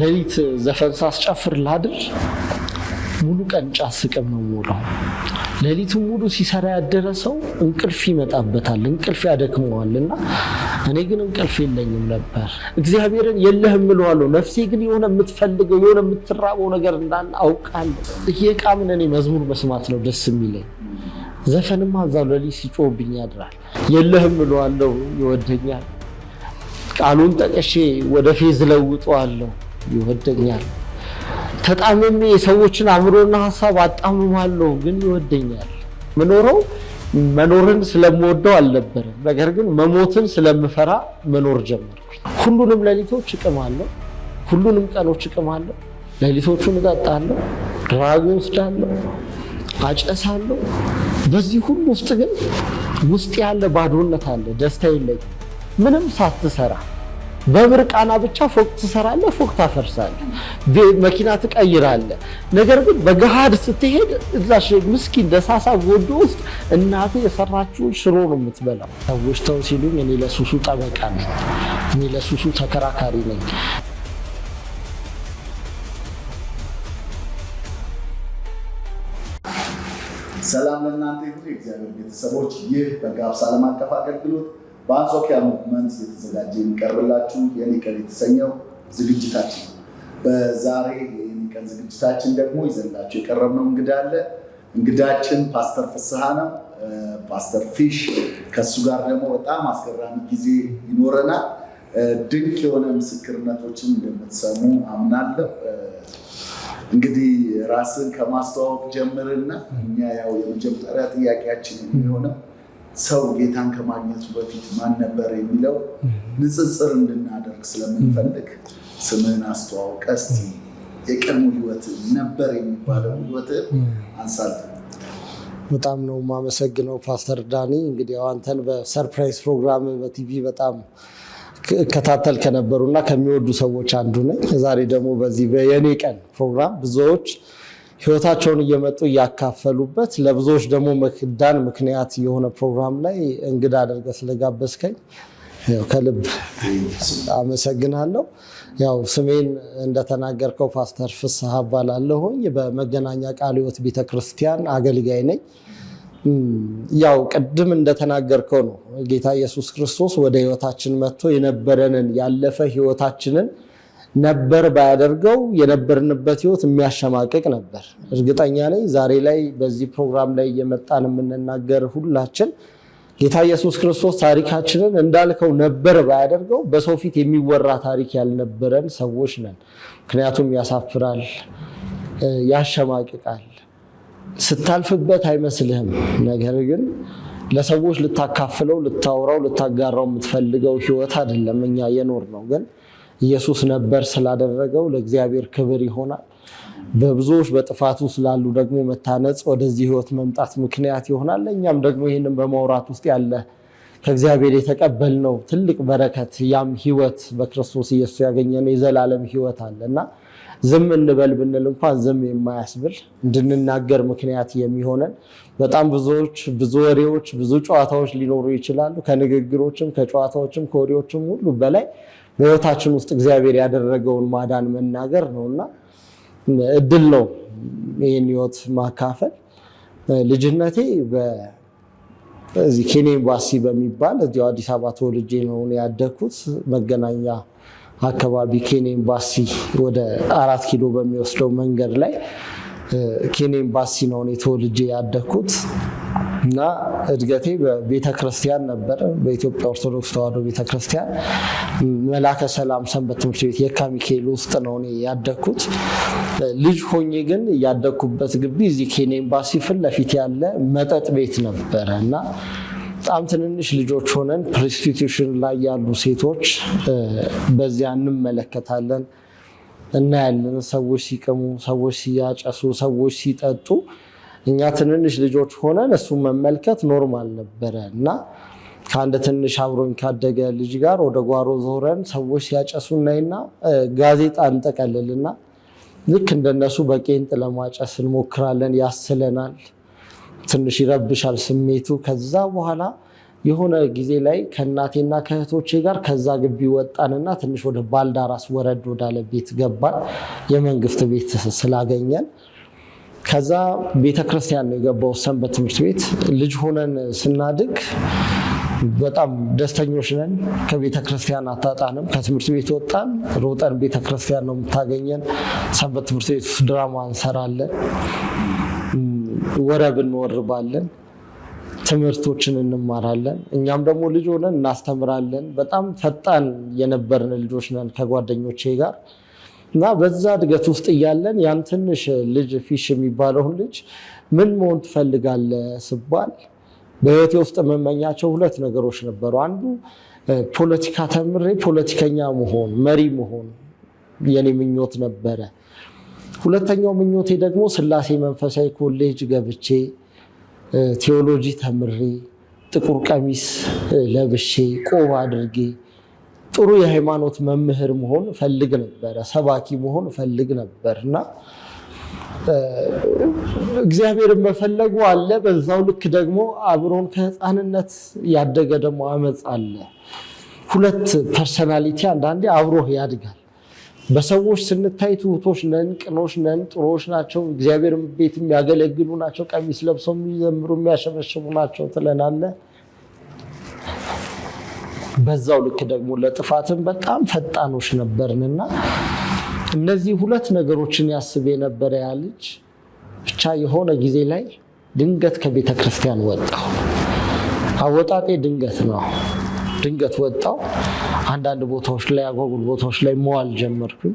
ሌሊት ዘፈን ሳስጨፍር ላድር ሙሉ ቀን ጫት ስቅም ነው የምውለው። ሌሊቱን ሙሉ ሲሰራ ያደረ ሰው እንቅልፍ ይመጣበታል፣ እንቅልፍ ያደክመዋል። እና እኔ ግን እንቅልፍ የለኝም ነበር። እግዚአብሔርን የለህም እለዋለሁ። ነፍሴ ግን የሆነ የምትፈልገው የሆነ የምትራበው ነገር እንዳለ አውቃለሁ። እየቃምን እኔ መዝሙር መስማት ነው ደስ የሚለኝ። ዘፈንማ እዛው ሌሊት ሲጮህብኝ ያድራል። የለህም እለዋለሁ፣ ይወደኛል ቃሉን ጠቅሼ ወደ ፌዝ ለውጠዋለሁ፣ ይወደኛል። ተጣምሜ የሰዎችን አእምሮና ሀሳብ አጣምማለሁ፣ ግን ይወደኛል። ምኖረው መኖርን ስለምወደው አልነበረም። ነገር ግን መሞትን ስለምፈራ መኖር ጀመርኩ ሁሉንም ሌሊቶች እቅማለሁ፣ ሁሉንም ቀኖች እቅማለሁ። ሌሊቶቹን እጠጣለሁ፣ ድራግ ወስዳለሁ፣ አጨሳለሁ። በዚህ ሁሉ ውስጥ ግን ውስጥ ያለ ባዶነት አለ፣ ደስታ የለኝም። ምንም ሳትሰራ በብር ቃና ብቻ ፎቅ ትሰራለህ፣ ፎቅ ታፈርሳለህ፣ መኪና ትቀይራለህ። ነገር ግን በገሃድ ስትሄድ እዛሽ ምስኪን ደሳሳ ጎጆ ውስጥ እናቴ የሰራችውን ሽሮ ነው የምትበላው። ሰዎች ተው ሲሉኝ እኔ ለሱሱ ጠበቃ ነኝ፣ እኔ ለሱሱ ተከራካሪ ነኝ። ሰላም ለእናንተ ይሁን፣ የእግዚአብሔር ቤተሰቦች። ይህ በጋብስ ዓለም አቀፍ አገልግሎት በአንጾኪያ ሙቭመንት የተዘጋጀ የሚቀርብላችሁ የኔ ቀን የተሰኘው ዝግጅታችን ነው። በዛሬ የኔ ቀን ዝግጅታችን ደግሞ ይዘንላችሁ የቀረብነው እንግዳ አለ። እንግዳችን ፓስተር ፍስሐ ነው፣ ፓስተር ፊሽ። ከእሱ ጋር ደግሞ በጣም አስገራሚ ጊዜ ይኖረናል። ድንቅ የሆነ ምስክርነቶችን እንደምትሰሙ አምናለሁ። እንግዲህ ራስን ከማስተዋወቅ ጀምርና እኛ ያው የመጀመሪያ ጥያቄያችን የሚሆነው ሰው ጌታን ከማግኘቱ በፊት ማን ነበር የሚለው ንጽጽር እንድናደርግ ስለምንፈልግ ስምህን አስተዋውቀ እስቲ የቀድሞ ህይወት ነበር የሚባለው ህይወት አንሳል። በጣም ነው የማመሰግነው ፓስተር ዳኒ። እንግዲህ አንተን በሰርፕራይዝ ፕሮግራም በቲቪ በጣም እከታተል ከነበሩ እና ከሚወዱ ሰዎች አንዱ ነኝ። ዛሬ ደግሞ በዚህ የኔ ቀን ፕሮግራም ብዙዎች ህይወታቸውን እየመጡ እያካፈሉበት ለብዙዎች ደግሞ መክዳን ምክንያት የሆነ ፕሮግራም ላይ እንግዳ አድርገ ስለጋበዝከኝ ከልብ አመሰግናለሁ። ያው ስሜን እንደተናገርከው ፓስተር ፍስሐ እባላለሁኝ። በመገናኛ ቃለ ሕይወት ቤተክርስቲያን አገልጋይ ነኝ። ያው ቅድም እንደተናገርከው ነው ጌታ ኢየሱስ ክርስቶስ ወደ ህይወታችን መጥቶ የነበረንን ያለፈ ህይወታችንን ነበር ባያደርገው የነበርንበት ህይወት የሚያሸማቅቅ ነበር። እርግጠኛ ነኝ ዛሬ ላይ በዚህ ፕሮግራም ላይ እየመጣን የምንናገር ሁላችን ጌታ ኢየሱስ ክርስቶስ ታሪካችንን እንዳልከው ነበር ባያደርገው በሰው ፊት የሚወራ ታሪክ ያልነበረን ሰዎች ነን። ምክንያቱም ያሳፍራል፣ ያሸማቅቃል፣ ስታልፍበት አይመስልህም። ነገር ግን ለሰዎች ልታካፍለው፣ ልታወራው፣ ልታጋራው የምትፈልገው ህይወት አይደለም እኛ የኖር ነው ግን ኢየሱስ ነበር ስላደረገው ለእግዚአብሔር ክብር ይሆናል። በብዙዎች በጥፋቱ ስላሉ ደግሞ መታነጽ ወደዚህ ህይወት መምጣት ምክንያት ይሆናል። ለእኛም ደግሞ ይህንን በማውራት ውስጥ ያለ ከእግዚአብሔር የተቀበልነው ትልቅ በረከት ያም ህይወት በክርስቶስ ኢየሱስ ያገኘነው የዘላለም ህይወት አለ እና ዝም እንበል ብንል እንኳን ዝም የማያስብል እንድንናገር ምክንያት የሚሆነን በጣም ብዙዎች ብዙ ወሬዎች፣ ብዙ ጨዋታዎች ሊኖሩ ይችላሉ። ከንግግሮችም፣ ከጨዋታዎችም፣ ከወሬዎችም ሁሉ በላይ በህይወታችን ውስጥ እግዚአብሔር ያደረገውን ማዳን መናገር ነው እና እድል ነው ይህን ህይወት ማካፈል። ልጅነቴ በዚህ ኬኔ ኤምባሲ በሚባል እዚያው አዲስ አበባ ተወልጄ ነው ያደግኩት። መገናኛ አካባቢ ኬኔ ኤምባሲ ወደ አራት ኪሎ በሚወስደው መንገድ ላይ ኬኔ ኤምባሲ ነው ተወልጄ ያደግኩት። እና እድገቴ በቤተ ክርስቲያን ነበር። በኢትዮጵያ ኦርቶዶክስ ተዋሕዶ ቤተ ክርስቲያን መላከ ሰላም ሰንበት ትምህርት ቤት የካ ሚካኤል ውስጥ ነው እኔ ያደግኩት። ልጅ ሆኜ ግን ያደግኩበት ግቢ እዚህ ኬን ኤምባሲ ፊት ለፊት ያለ መጠጥ ቤት ነበረ እና በጣም ትንንሽ ልጆች ሆነን ፕሮስቲቱሽን ላይ ያሉ ሴቶች በዚያ እንመለከታለን፣ እናያለን። ሰዎች ሲቅሙ፣ ሰዎች ሲያጨሱ፣ ሰዎች ሲጠጡ እኛ ትንንሽ ልጆች ሆነን እሱን መመልከት ኖርማል ነበረ እና ከአንድ ትንሽ አብሮኝ ካደገ ልጅ ጋር ወደ ጓሮ ዞረን ሰዎች ሲያጨሱ እናይና ጋዜጣ እንጠቀልልና ልክ እንደነሱ በቄንጥ ለማጨስ እንሞክራለን። ያስለናል፣ ትንሽ ይረብሻል ስሜቱ። ከዛ በኋላ የሆነ ጊዜ ላይ ከእናቴና ከእህቶቼ ጋር ከዛ ግቢ ወጣንና ትንሽ ወደ ባልዳራስ ወረድ ወዳለ ቤት ገባን የመንግስት ቤት ስላገኘን ከዛ ቤተ ክርስቲያን ነው የገባው ሰንበት ትምህርት ቤት። ልጅ ሆነን ስናድግ በጣም ደስተኞች ነን። ከቤተ ክርስቲያን አታጣንም። ከትምህርት ቤት ወጣን፣ ሮጠን ቤተ ክርስቲያን ነው የምታገኘን። ሰንበት ትምህርት ቤት ድራማ እንሰራለን፣ ወረብ እንወርባለን፣ ትምህርቶችን እንማራለን። እኛም ደግሞ ልጅ ሆነን እናስተምራለን። በጣም ፈጣን የነበርን ልጆች ነን ከጓደኞቼ ጋር እና በዛ እድገት ውስጥ እያለን ያን ትንሽ ልጅ ፊሽ የሚባለውን ልጅ ምን መሆን ትፈልጋለህ ስባል በህይወቴ ውስጥ የምመኛቸው ሁለት ነገሮች ነበሩ። አንዱ ፖለቲካ ተምሬ ፖለቲከኛ መሆን መሪ መሆን የኔ ምኞት ነበረ። ሁለተኛው ምኞቴ ደግሞ ስላሴ መንፈሳዊ ኮሌጅ ገብቼ ቴዎሎጂ ተምሬ ጥቁር ቀሚስ ለብሼ ቆብ አድርጌ ጥሩ የሃይማኖት መምህር መሆን ፈልግ ነበረ፣ ሰባኪ መሆን ፈልግ ነበር እና እግዚአብሔርን መፈለጉ አለ። በዛው ልክ ደግሞ አብሮን ከህፃንነት ያደገ ደግሞ አመፅ አለ። ሁለት ፐርሰናሊቲ አንዳንዴ አብሮህ ያድጋል። በሰዎች ስንታይ ትሁቶች ነን፣ ቅኖች ነን፣ ጥሩዎች ናቸው፣ እግዚአብሔር ቤት የሚያገለግሉ ናቸው፣ ቀሚስ ለብሰው የሚዘምሩ የሚያሸበሽቡ ናቸው ትለናለህ። በዛው ልክ ደግሞ ለጥፋትም በጣም ፈጣኖች ነበርንና እነዚህ ሁለት ነገሮችን ያስብ የነበረ ያ ልጅ ብቻ የሆነ ጊዜ ላይ ድንገት ከቤተ ክርስቲያን ወጣሁ። አወጣጤ ድንገት ነው። ድንገት ወጣው። አንዳንድ ቦታዎች ላይ አጓጉል ቦታዎች ላይ መዋል ጀመርኩኝ።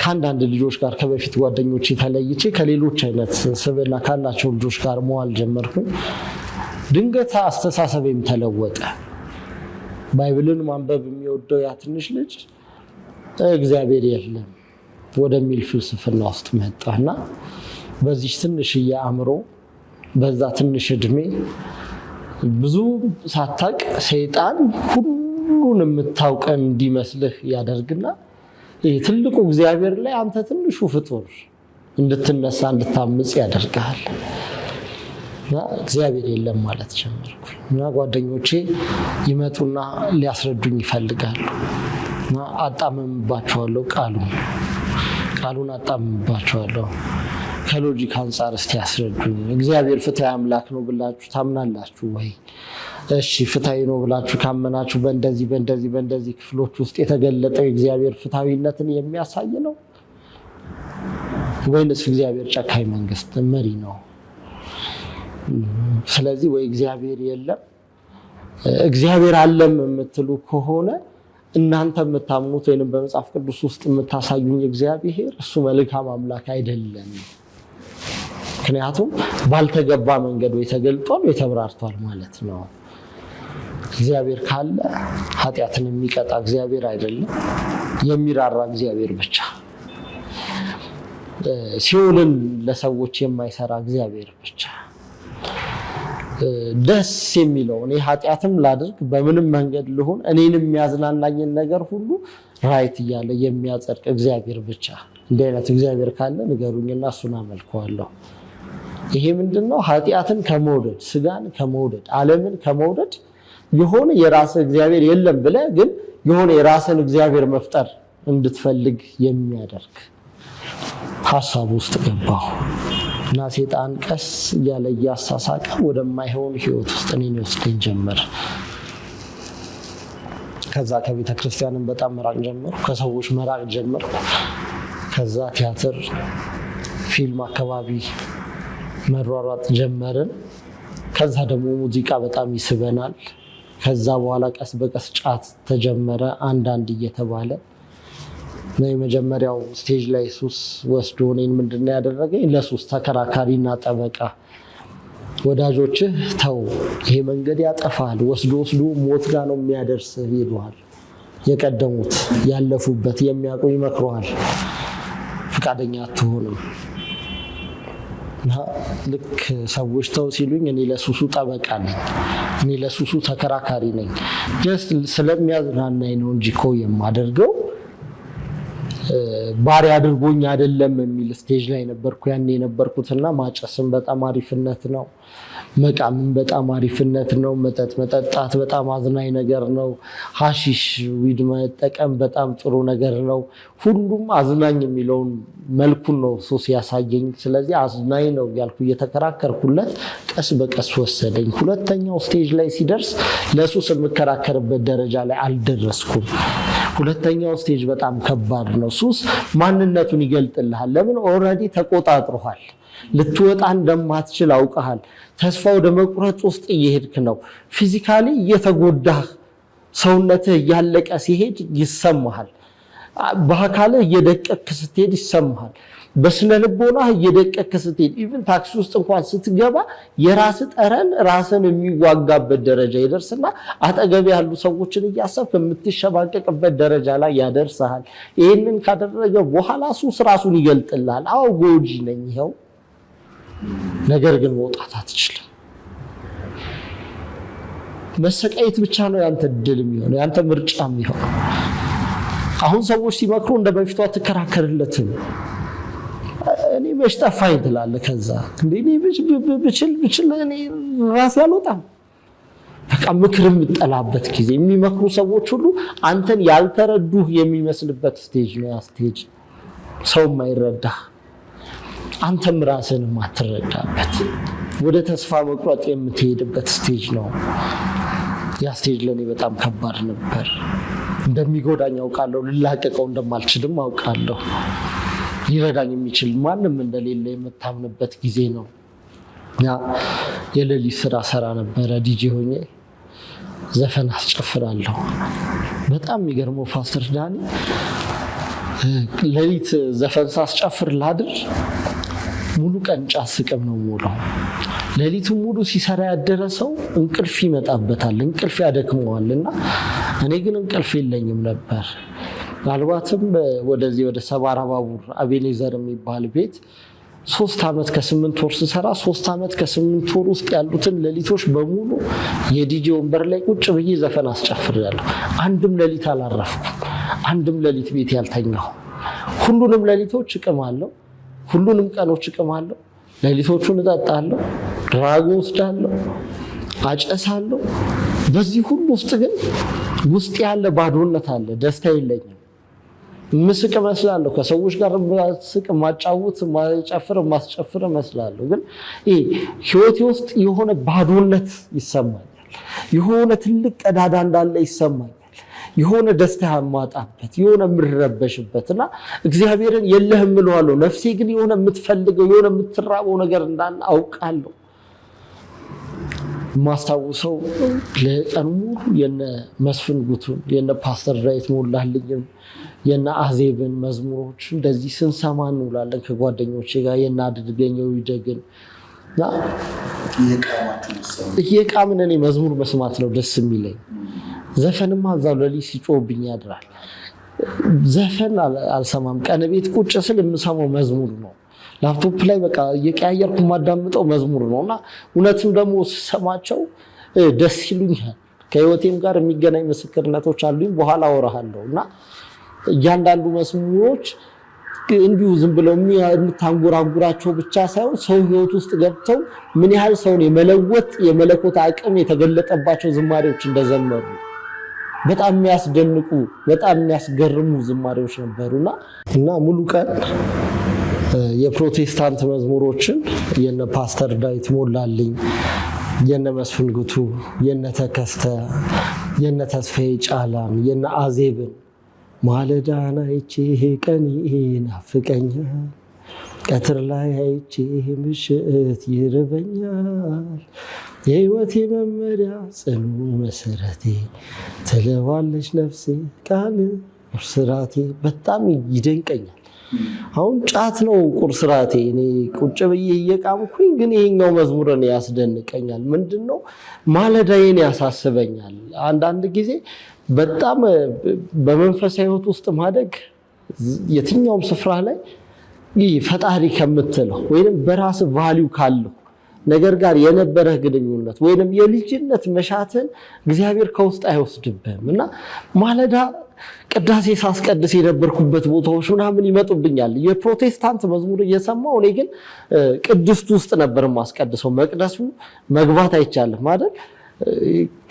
ከአንዳንድ ልጆች ጋር ከበፊት ጓደኞች ተለይቼ ከሌሎች አይነት ስብዕና ካላቸው ልጆች ጋር መዋል ጀመርኩኝ። ድንገት አስተሳሰቤም ተለወጠ። ባይብልን ማንበብ የሚወደው ያ ትንሽ ልጅ እግዚአብሔር የለም ወደሚል ፍልስፍና ውስጥ መጣና በዚህ ትንሽዬ አእምሮ በዛ ትንሽ እድሜ ብዙ ሳታቅ ሰይጣን ሁሉን የምታውቀን እንዲመስልህ ያደርግና ይህ ትልቁ እግዚአብሔር ላይ አንተ ትንሹ ፍጡር እንድትነሳ እንድታምጽ ያደርግሃል። እና እግዚአብሔር የለም ማለት ጀመርኩ እና ጓደኞቼ ይመጡና ሊያስረዱኝ ይፈልጋሉ እና አጣመምባቸዋለሁ ቃሉን ቃሉን አጣምምባቸዋለሁ ከሎጂክ አንጻር እስቲ ያስረዱኝ እግዚአብሔር ፍትሐዊ አምላክ ነው ብላችሁ ታምናላችሁ ወይ እሺ ፍትሐዊ ነው ብላችሁ ካመናችሁ በእንደዚህ በእንደዚህ በእንደዚህ ክፍሎች ውስጥ የተገለጠው የእግዚአብሔር ፍትሐዊነትን የሚያሳይ ነው ወይንስ እግዚአብሔር ጨካኝ መንግስት መሪ ነው ስለዚህ ወይ እግዚአብሔር የለም እግዚአብሔር አለም የምትሉ ከሆነ እናንተ የምታምኑት ወይም በመጽሐፍ ቅዱስ ውስጥ የምታሳዩኝ እግዚአብሔር እሱ መልካም አምላክ አይደለም። ምክንያቱም ባልተገባ መንገድ ወይ ተገልጧል ወይ ተብራርቷል ማለት ነው። እግዚአብሔር ካለ ኃጢአትን የሚቀጣ እግዚአብሔር አይደለም፣ የሚራራ እግዚአብሔር ብቻ፣ ሲኦልን ለሰዎች የማይሰራ እግዚአብሔር ብቻ ደስ የሚለው እኔ ኃጢአትም ላድርግ በምንም መንገድ ልሁን እኔን የሚያዝናናኝን ነገር ሁሉ ራይት እያለ የሚያጸድቅ እግዚአብሔር ብቻ። እንዲህ አይነት እግዚአብሔር ካለ ንገሩኝና እሱን አመልከዋለሁ። ይሄ ምንድን ነው? ኃጢአትን ከመውደድ ስጋን ከመውደድ ዓለምን ከመውደድ የሆነ የራስ እግዚአብሔር የለም ብለ ግን የሆነ የራስን እግዚአብሔር መፍጠር እንድትፈልግ የሚያደርግ ሀሳብ ውስጥ ገባሁ። እና ሴጣን ቀስ እያለ እያሳሳቀ ወደማይሆን ህይወት ውስጥ እኔን ይወስደኝ ጀመር። ከዛ ከቤተ ክርስቲያንም በጣም መራቅ ጀመርኩ። ከሰዎች መራቅ ጀመርኩ። ከዛ ቲያትር፣ ፊልም አካባቢ መሯሯጥ ጀመርን። ከዛ ደግሞ ሙዚቃ በጣም ይስበናል። ከዛ በኋላ ቀስ በቀስ ጫት ተጀመረ አንዳንድ እየተባለ የመጀመሪያው ስቴጅ ላይ ሱስ ወስዶ እኔን ምንድን ያደረገኝ ለሱስ ተከራካሪና ጠበቃ ወዳጆችህ ተው፣ ይሄ መንገድ ያጠፋል፣ ወስዶ ወስዶ ሞት ጋር ነው የሚያደርስ ይሉሃል። የቀደሙት ያለፉበት የሚያውቁ ይመክረዋል። ፈቃደኛ አትሆንም። ልክ ሰዎች ተው ሲሉኝ እኔ ለሱሱ ጠበቃ ነኝ፣ እኔ ለሱሱ ተከራካሪ ነኝ፣ ስለሚያዝናናኝ ነው እንጂ እኮ የማደርገው ባሪ አድርጎኝ አይደለም የሚል ስቴጅ ላይ ነበርኩ ያን የነበርኩት ማጨስም በጣም አሪፍነት ነው፣ መቃምም በጣም አሪፍነት ነው፣ መጠጥ መጠጣት በጣም አዝናኝ ነገር ነው፣ ሀሺሽ ዊድ መጠቀም በጣም ጥሩ ነገር ነው። ሁሉም አዝናኝ የሚለውን መልኩን ነው እሱ ሲያሳየኝ። ስለዚህ አዝናኝ ነው እያልኩ እየተከራከርኩለት ቀስ በቀስ ወሰደኝ። ሁለተኛው ስቴጅ ላይ ሲደርስ ለሱስ የምከራከርበት ደረጃ ላይ አልደረስኩም። ሁለተኛው ስቴጅ በጣም ከባድ ነው። ሱስ ማንነቱን ይገልጥልሃል። ለምን ኦልሬዲ ተቆጣጥሮሃል። ልትወጣ እንደማትችል አውቀሃል። ተስፋ ወደ መቁረጥ ውስጥ እየሄድክ ነው። ፊዚካሊ እየተጎዳህ ሰውነትህ እያለቀ ሲሄድ ይሰማሃል። በአካልህ እየደቀክ ስትሄድ ይሰማሃል። በስነ ልቦና እየደቀቅ ስትሄድ ኢቭን ታክሲ ውስጥ እንኳን ስትገባ የራስ ጠረን ራስን የሚዋጋበት ደረጃ ይደርስና አጠገብ ያሉ ሰዎችን እያሰብክ የምትሸማቀቅበት ደረጃ ላይ ያደርስሃል። ይህንን ካደረገ በኋላ ሱስ ራሱን ይገልጥልሃል። አዎ ጎጂ ነኝ ይኸው፣ ነገር ግን መውጣት አትችልም። መሰቃየት ብቻ ነው ያንተ ድል የሚሆነው ያንተ ምርጫ የሚሆነው። አሁን ሰዎች ሲመክሩ እንደ በፊቷ ትከራከርለትም እኔ በሽታ ፋይን ትላለህ። ከዛ ብችል ብችል እኔ ራሴ አልወጣም። በቃ ምክር የምጠላበት ጊዜ የሚመክሩ ሰዎች ሁሉ አንተን ያልተረዱህ የሚመስልበት ስቴጅ ነው። ያ ስቴጅ ሰው የማይረዳ አንተም ራስን ማትረዳበት ወደ ተስፋ መቁረጥ የምትሄድበት ስቴጅ ነው። ያ ስቴጅ ለእኔ በጣም ከባድ ነበር። እንደሚጎዳኝ አውቃለሁ። ልላቀቀው እንደማልችልም አውቃለሁ። ሊረዳኝ የሚችል ማንም እንደሌለ የምታምንበት ጊዜ ነው። የሌሊት ስራ ሰራ ነበረ። ዲጄ ሆኜ ዘፈን አስጨፍራለሁ። በጣም የሚገርመው ፓስተር ዳኒ ሌሊት ዘፈን ሳስጨፍር ላድር ሙሉ ቀን ጫት ስቅም ነው የምውለው። ሌሊቱን ሙሉ ሲሰራ ያደረ ሰው እንቅልፍ ይመጣበታል፣ እንቅልፍ ያደክመዋል እና እኔ ግን እንቅልፍ የለኝም ነበር። ምናልባትም ወደዚህ ወደ ሰባራ ባቡር አቤኔዘር የሚባል ቤት ሶስት ዓመት ከስምንት ወር ስሰራ ሶስት ዓመት ከስምንት ወር ውስጥ ያሉትን ሌሊቶች በሙሉ የዲጂ ወንበር ላይ ቁጭ ብዬ ዘፈን ያለሁ አንድም ሌሊት አላረፍኩም። አንድም ሌሊት ቤት ያልተኛሁ። ሁሉንም ሌሊቶች እቅማለሁ። ሁሉንም ቀኖች እቅማለሁ። ሌሊቶቹን እጠጣለሁ፣ ድራግ ወስዳለሁ፣ አጨሳለሁ። በዚህ ሁሉ ውስጥ ግን ውስጥ ያለ ባዶነት አለ፣ ደስታ የለኝም። ምስቅ እመስላለሁ። ከሰዎች ጋር ስቅ ማጫውት፣ ማጨፍር፣ ማስጨፍር እመስላለሁ። ግን ይህ ህይወቴ ውስጥ የሆነ ባዶነት ይሰማኛል። የሆነ ትልቅ ቀዳዳ እንዳለ ይሰማኛል። የሆነ ደስታ ያማጣበት የሆነ የምረበሽበት እና እግዚአብሔርን የለህም እምለዋለሁ። ነፍሴ ግን የሆነ የምትፈልገው የሆነ የምትራበው ነገር እንዳለ አውቃለሁ። የማስታውሰው ለቀን ሙሉ የነ መስፍን ጉቱን የነ ፓስተር ዳዊት ሞላልኝም የእነ አዜብን መዝሙሮች እንደዚህ ስንሰማ እንውላለን ከጓደኞች ጋር የእነ አድርገኘው ይደግን እየቃምን እኔ መዝሙር መስማት ነው ደስ የሚለኝ። ዘፈንማ እዛው ለሊት ሲጮብኝ ያድራል። ዘፈን አልሰማም። ቀን ቤት ቁጭ ስል የምሰማው መዝሙር ነው። ላፕቶፕ ላይ በቃ እየቀያየርኩ የማዳምጠው መዝሙር ነው እና እውነትም ደግሞ ስሰማቸው ደስ ይሉኛል። ከህይወቴም ጋር የሚገናኝ ምስክርነቶች አሉኝ። በኋላ አወራሃለሁ እና እያንዳንዱ መስሙሮች እንዲሁ ዝም ብለው የምታንጎራጉራቸው ብቻ ሳይሆን ሰው ህይወት ውስጥ ገብተው ምን ያህል ሰውን የመለወጥ የመለኮት አቅም የተገለጠባቸው ዝማሬዎች እንደዘመሩ በጣም የሚያስደንቁ በጣም የሚያስገርሙ ዝማሬዎች ነበሩና እና ሙሉ ቀን የፕሮቴስታንት መዝሙሮችን የነ ፓስተር ዳዊት ሞላልኝ፣ የነ መስፍን ጉቱ፣ የነ ተከስተ፣ የነ ተስፋዬ ጫላን፣ የነ አዜብን ማለዳን አይቼህ ቀን ይናፍቀኛል፣ ቀትር ላይ አይቼህ ምሽት ይርበኛል። የህይወቴ መመሪያ ጽኑ መሰረቴ ትለዋለች ነፍሴ ቃል ቁርስራቴ። በጣም ይደንቀኛል። አሁን ጫት ነው ቁርስራቴ። እኔ ቁጭ ብዬ እየቃምኩኝ፣ ግን ይሄኛው መዝሙርን ያስደንቀኛል። ምንድን ነው ማለዳዬን ያሳስበኛል። አንዳንድ ጊዜ በጣም በመንፈሳዊ ህይወት ውስጥ ማደግ የትኛውም ስፍራ ላይ ፈጣሪ ከምትለው ወይም በራስ ቫሊው ካለው ነገር ጋር የነበረ ግንኙነት ወይም የልጅነት መሻትን እግዚአብሔር ከውስጥ አይወስድብህም እና ማለዳ ቅዳሴ ሳስቀድስ የነበርኩበት ቦታዎች ምናምን ይመጡብኛል። የፕሮቴስታንት መዝሙር እየሰማሁ እኔ ግን ቅድስት ውስጥ ነበር የማስቀድሰው። መቅደሱ መግባት አይቻልም አይደል?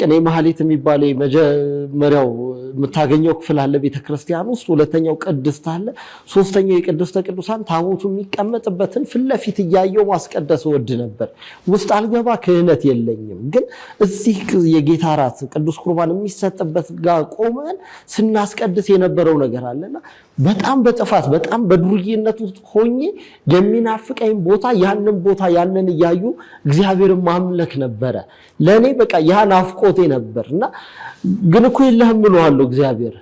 ቅኔ ማህሌት የሚባለ የመጀመሪያው የምታገኘው ክፍል አለ ቤተክርስቲያን ውስጥ። ሁለተኛው ቅድስት አለ። ሶስተኛው የቅድስተ ቅዱሳን ታቦቱ የሚቀመጥበትን ፊት ለፊት እያየው ማስቀደስ ወድ ነበር። ውስጥ አልገባ ክህነት የለኝም፣ ግን እዚህ የጌታ ራት ቅዱስ ቁርባን የሚሰጥበት ጋር ቆመን ስናስቀድስ የነበረው ነገር አለና በጣም በጥፋት በጣም በዱርዬነት ውስጥ ሆኜ የሚናፍቀኝ ቦታ ያንን ቦታ ያንን እያዩ እግዚአብሔር ማምለክ ነበረ ለእኔ በቃ ያ ናፍቆ ሞቴ ነበር እና ግን እኮ የለህም እለዋለሁ እግዚአብሔር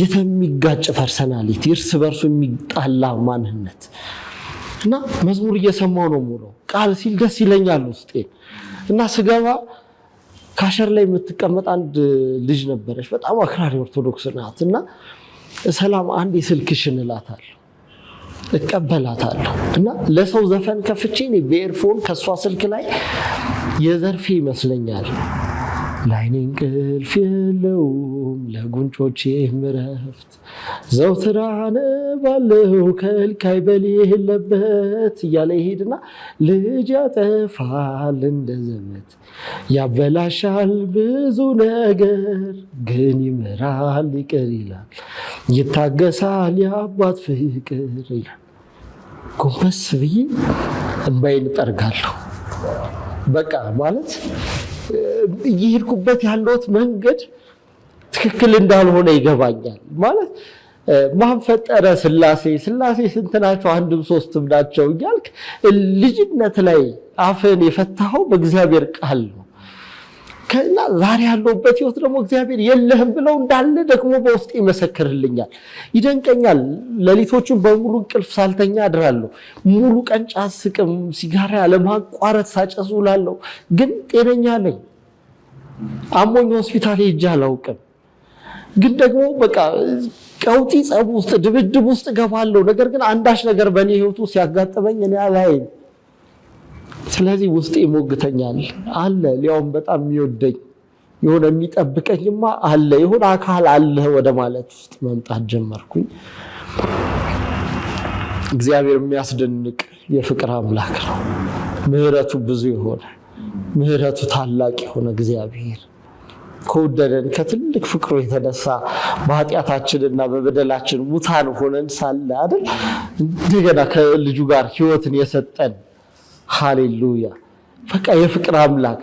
ጌታ የሚጋጭ ፐርሰናሊቲ፣ እርስ በርሱ የሚጣላ ማንነት እና መዝሙር እየሰማው ነው የምውለው። ቃል ሲል ደስ ይለኛል ውስጤ እና ስገባ ካሸር ላይ የምትቀመጥ አንድ ልጅ ነበረች። በጣም አክራሪ ኦርቶዶክስ ናት እና ሰላም አንድ የስልክሽን እላታለሁ እቀበላታለሁ እና ለሰው ዘፈን ከፍቼ እኔ በኤርፎን ከእሷ ስልክ ላይ የዘርፌ ይመስለኛል ለዓይኔ እንቅልፍ የለውም ለጉንጮቼም እረፍት ዘውትር አነባለሁ ከልካይ በሌለበት እያለ ይሄድና ልጅ ያጠፋል እንደ ዘመት ያበላሻል ብዙ ነገር ግን ይምራል ይቅር ይላል ይታገሳል የአባት ፍቅር ይላል። ጎንበስ ብዬ እንባዬን እጠርጋለሁ። በቃ ማለት እየሄድኩበት ያለሁት መንገድ ትክክል እንዳልሆነ ይገባኛል። ማለት ማን ፈጠረ ስላሴ? ስላሴ ስንት ናቸው? አንድም ሶስትም ናቸው እያልክ ልጅነት ላይ አፍን የፈታኸው በእግዚአብሔር ቃል ነው። እና ዛሬ ያለሁበት ህይወት ደግሞ እግዚአብሔር የለህም ብለው እንዳለ ደግሞ በውስጥ ይመሰክርልኛል። ይደንቀኛል። ሌሊቶቹን በሙሉ እንቅልፍ ሳልተኛ አድራለሁ። ሙሉ ቀን ጫት ስቅም፣ ሲጋራ ያለማቋረጥ ሳጨስ ውላለሁ። ግን ጤነኛ ነኝ። አሞኝ ሆስፒታል ሄጄ አላውቅም። ግን ደግሞ በቃ ቀውጢ ጸብ ውስጥ ድብድብ ውስጥ እገባለሁ። ነገር ግን አንዳች ነገር በእኔ ህይወቱ ሲያጋጥመኝ እኔ አላይም። ስለዚህ ውስጥ ይሞግተኛል አለ ሊያውም በጣም የሚወደኝ የሆነ የሚጠብቀኝማ አለ የሆነ አካል አለ ወደ ማለት ውስጥ መምጣት ጀመርኩኝ። እግዚአብሔር የሚያስደንቅ የፍቅር አምላክ ነው። ምሕረቱ ብዙ የሆነ ምሕረቱ ታላቅ የሆነ እግዚአብሔር ከወደደን ከትልቅ ፍቅሩ የተነሳ በኃጢአታችን እና በበደላችን ሙታን ሆነን ሳለ አይደል እንደገና ከልጁ ጋር ሕይወትን የሰጠን ሃሌሉያ። በቃ የፍቅር አምላክ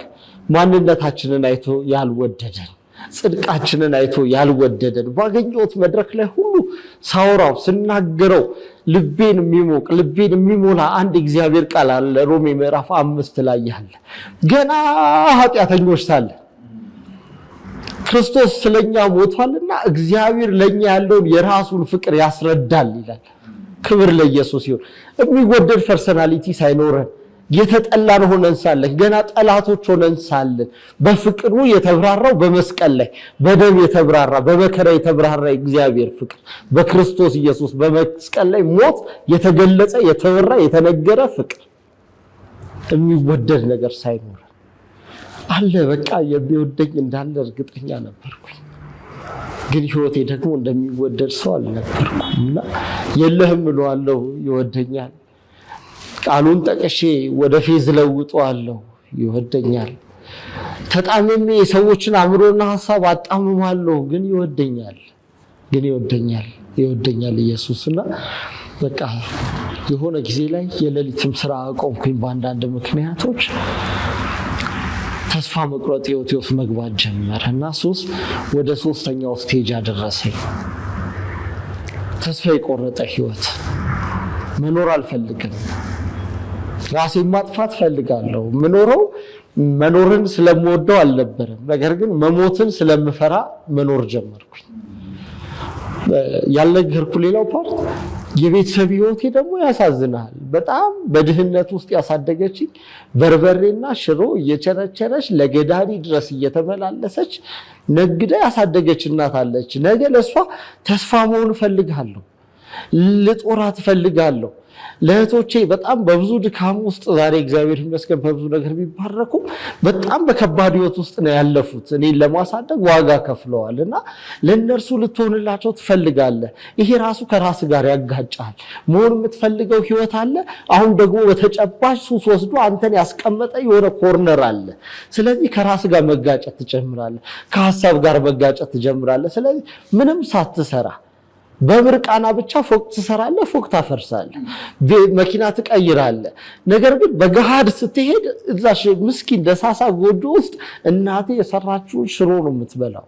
ማንነታችንን አይቶ ያልወደደን፣ ጽድቃችንን አይቶ ያልወደደን ባገኘሁት መድረክ ላይ ሁሉ ሳውራው ስናገረው ልቤን የሚሞቅ ልቤን የሚሞላ አንድ እግዚአብሔር ቃል አለ። ሮሜ ምዕራፍ አምስት ላይ ያለ ገና ኃጢአተኞች ሳለን ክርስቶስ ስለኛ ሞቷልና እግዚአብሔር ለኛ ያለውን የራሱን ፍቅር ያስረዳል ይላል። ክብር ለኢየሱስ ይሁን። የሚወደድ ፐርሰናሊቲ ሳይኖረን የተጠላን ሆነን ሳለን ገና ጠላቶች ሆነን ሳለን በፍቅሩ የተብራራው በመስቀል ላይ በደም የተብራራ በመከራ የተብራራ እግዚአብሔር ፍቅር በክርስቶስ ኢየሱስ በመስቀል ላይ ሞት የተገለጸ የተበራ የተነገረ ፍቅር የሚወደድ ነገር ሳይኖረን አለ በቃ የሚወደኝ እንዳለ እርግጠኛ ነበርኩኝ። ግን ህይወቴ ደግሞ እንደሚወደድ ሰው አልነበርኩም እና የለህም እለዋለሁ ይወደኛል ቃሉን ጠቅሼ ወደ ፌዝ ለውጠዋለሁ። ይወደኛል። ተጣምሜ የሰዎችን አእምሮና ሀሳብ አጣምማለሁ፣ ግን ይወደኛል ግን ይወደኛል ይወደኛል ኢየሱስና በቃ የሆነ ጊዜ ላይ የሌሊትም ስራ አቆምኩኝ። በአንዳንድ ምክንያቶች ተስፋ መቁረጥ ህይወቴ ውስጥ መግባት ጀመረ እና ሱስ ወደ ሶስተኛው ስቴጅ አደረሰኝ። ተስፋ የቆረጠ ህይወት መኖር አልፈልግም። ራሴ ማጥፋት ፈልጋለሁ። ምኖረው መኖርን ስለምወደው አልነበረም። ነገር ግን መሞትን ስለምፈራ መኖር ጀመርኩኝ። ያልነገርኩ ሌላው ፓርት የቤተሰብ ህይወቴ ደግሞ ያሳዝናል። በጣም በድህነት ውስጥ ያሳደገችኝ በርበሬና ሽሮ እየቸረቸረች ለገዳሪ ድረስ እየተመላለሰች ነግዳ ያሳደገች እናት አለች። ነገ ለእሷ ተስፋ መሆን እፈልጋለሁ። ልጦራት እፈልጋለሁ። ለእህቶቼ በጣም በብዙ ድካም ውስጥ ዛሬ እግዚአብሔር ይመስገን በብዙ ነገር ቢባረኩ በጣም በከባድ ህይወት ውስጥ ነው ያለፉት። እኔ ለማሳደግ ዋጋ ከፍለዋል እና ለእነርሱ ልትሆንላቸው ትፈልጋለህ። ይሄ ራሱ ከራስ ጋር ያጋጫል። መሆን የምትፈልገው ህይወት አለ። አሁን ደግሞ በተጨባጭ ሱስ ወስዶ አንተን ያስቀመጠ የሆነ ኮርነር አለ። ስለዚህ ከራስ ጋር መጋጨት ትጀምራለህ፣ ከሀሳብ ጋር መጋጨት ትጀምራለህ። ስለዚህ ምንም ሳትሰራ በምርቃና ብቻ ፎቅ ትሰራለህ፣ ፎቅ ታፈርሳለህ፣ መኪና ትቀይራለህ። ነገር ግን በገሃድ ስትሄድ እዛሽ ምስኪን ደሳሳ ጎጆ ውስጥ እናቴ የሰራችውን ሽሮ ነው የምትበላው።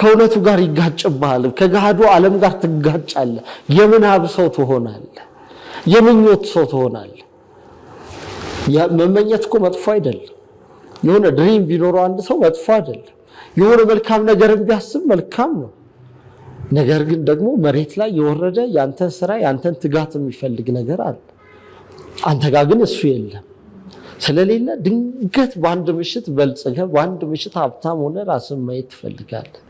ከእውነቱ ጋር ይጋጭብሃል። ከገሃዱ ዓለም ጋር ትጋጫለህ። የምናብ ሰው ትሆናለህ። የምኞት ሰው ትሆናለህ። መመኘት እኮ መጥፎ አይደለም። የሆነ ድሪም ቢኖረው አንድ ሰው መጥፎ አይደለም። የሆነ መልካም ነገርን ቢያስብ መልካም ነው። ነገር ግን ደግሞ መሬት ላይ የወረደ የአንተን ስራ የአንተን ትጋት የሚፈልግ ነገር አለ። አንተ ጋር ግን እሱ የለም። ስለሌለ ድንገት በአንድ ምሽት በልጽገ በአንድ ምሽት ሀብታም ሆነ ራስን ማየት ትፈልጋለህ።